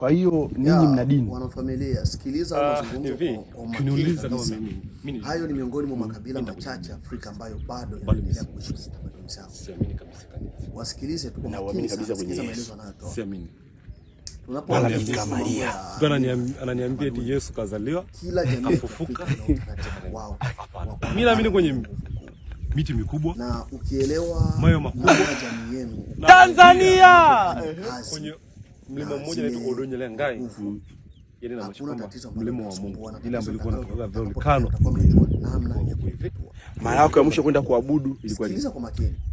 Kwa hiyo ninyi mna dini. Wanafamilia, sikiliza mazungumzo ah, kwa umakini Hayo ni miongoni mwa makabila machache Afrika ambayo bado yanaendelea kuishi kwa tamaduni zao. Wasikilize tu kwa umakini kabisa kwenye anayotoa. Siamini. ananiambia eti Yesu kazaliwa, Mimi naamini kwenye miti mikubwa na ukielewa mayo makubwa yenu Tanzania kwenye mlima mmoja naitwa Odonyo ile ngai ile na mashamba, mlima wa Mungu ile ambayo ilikuwa inatoka volcano. kuivitwa. Mara yako ya mwisho kwenda kuabudu ilikuwa ni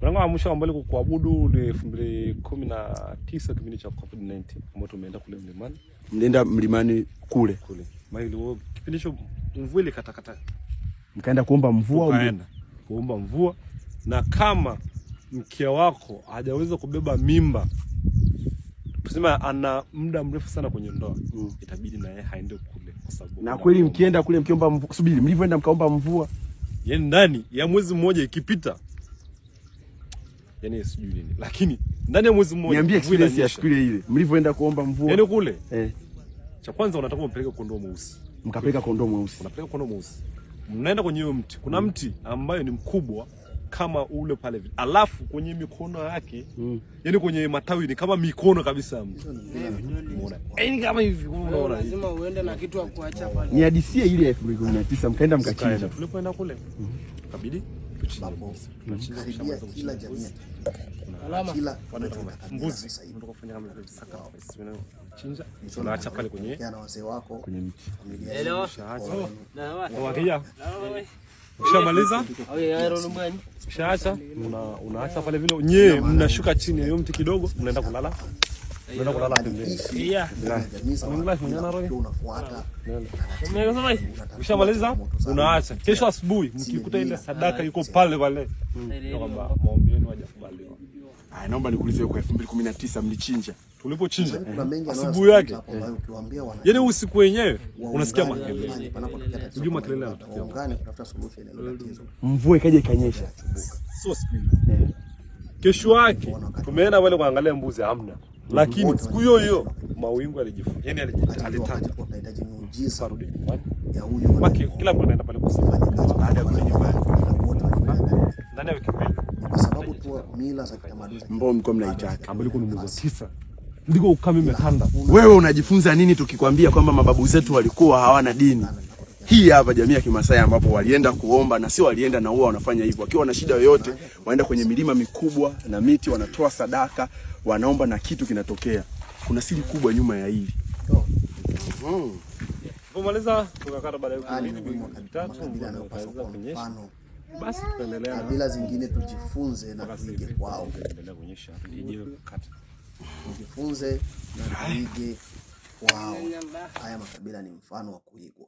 mlango wa mwisho ambao kuabudu ni 2019 kipindi cha COVID 19 ambao tumeenda kule mlimani. Mlienda mlimani kule kule, maana kipindi cha mvua ile katakata, mkaenda kuomba mvua, au mkaenda kuomba mvua, na kama mke wako hajaweza kubeba mimba tusema ana muda mrefu sana kwenye ndoa mm. Itabidi na yeye haende kule kwa sababu na kweli, mkienda kule mkiomba mvua, subiri, mlivyoenda mkaomba mvua, yaani ndani ya mwezi mmoja ikipita, yaani sijui nini, lakini ndani ya mwezi mmoja. Niambie experience ya siku ile ile mlivyoenda kuomba mvua, yaani kule eh, cha kwanza unataka umpeleke kondoo mweusi, mkapeleka kondoo mweusi, unapeleka kondoo mweusi, mnaenda kwenye huyo mti, kuna mti ambayo ni mkubwa kama ule pale, vile, alafu kwenye mikono yake mm. yani kwenye matawi ni kama mikono kabisa, yani kama hivi, unaona lazima uende na kitu akuacha pale. Ni hadisia ile ya 2019 mkaenda mkachinja, tulipoenda kule kabidi tunaacha pale kwenye wazee wako, kwenye mti, oh. wakija Ukishamaliza ukishaacha unaacha pale vile, nye mnashuka chini hiyo mti kidogo, mnaenda kulala, mnaenda kulala pembeni. Ukishamaliza unaacha, kesho asubuhi mkikuta ile sadaka iko pale pale, mm. kwamba maombi yenu hajakubaliwa. Naomba nikuulize, kwa 2019 mlichinja ulipochinja asubuhi yake, yaani usiku wenyewe unasikia makelele, unajua makelele Mvua ikaja ikanyesha, sio eh. Kesho yake tumeenda wale kuangalia mbuzi, hamna. Lakini siku hiyo hiyo mawingu alijifunja, yaani kila mtu anaenda pale kwa sababu tu mila za kitamaduni ambao mnaitaka, ambao ni mwezi tisa ndiko ukame umetanda. Wewe unajifunza nini tukikwambia kwamba mababu zetu walikuwa hawana dini? Hii hapa jamii ya Kimasai ambapo walienda kuomba na sio walienda na huwa wanafanya hivyo. Wakiwa na shida yoyote, waenda kwenye milima mikubwa na miti wanatoa sadaka, wanaomba na kitu kinatokea. Kuna siri kubwa nyuma ya hili. Hmm. basi tuendelea na bila zingine tujifunze na kwao tujifunze na tuige wao Haya makabila ni mfano wa kuigwa.